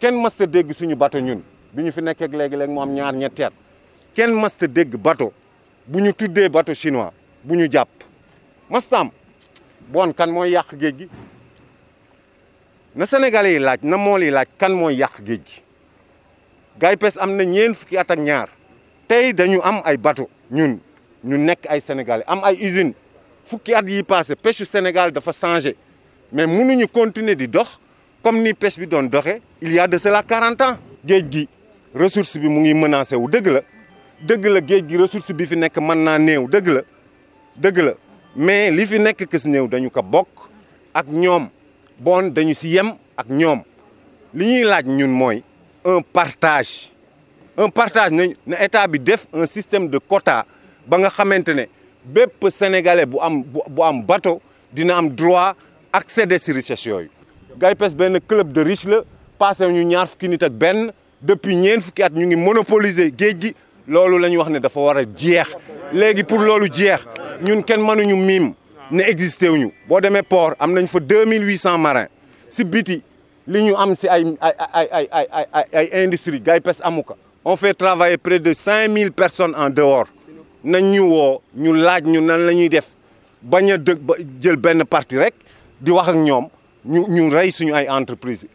Quel master dégg suñu bato ñun bateaux am ñaar chinois bu Jap. mastam bon na sénégalais yi laaj na mool yi laaj kan y am ñeen fukki at ak ñaar am ay bato ñun ñu nekk sénégalais am ay usine fukki at yi passé Sénégal dafa changé mais mënuñu continuer di dox comme ni pêche bi doon doxé il y a de cela 40 ans géej gi ressource bi mu ngi menacé wu dëgg la deug la géej gi ressource bi fi nek man na new deug la deug la mais li fi nekk kës new dañu ko bok ak ñom bon dañu ci yem ak ñom li ñuy laaj ñun moy un partage un partage na état bi def un système de quota ba nga xamantene ne sénégalais bu am bu am bateau dina am droit accéder ces richesse yooyu GAIPES benn club de riche la passé ñu ñaar fukki nit ak depuis ñeen fukki at ñu ngi monopoliser géej gi loolu la ñu wax ne dafa war a jeex pour loolu jeex ñun kenn mënuñu miim ne existé wuñu boo demee port am nañ fa 2800 marins si biti li ñu am si ay ay ay ay ay ay industrie GAIPES amu on fait travailler près de 5000 personnes en dehors nañ ñu woo ñu laaj ñu nan la ñuy def bañ a dëg ba jël benn parti rek di wax ak ñu ñu rey suñu ay entreprise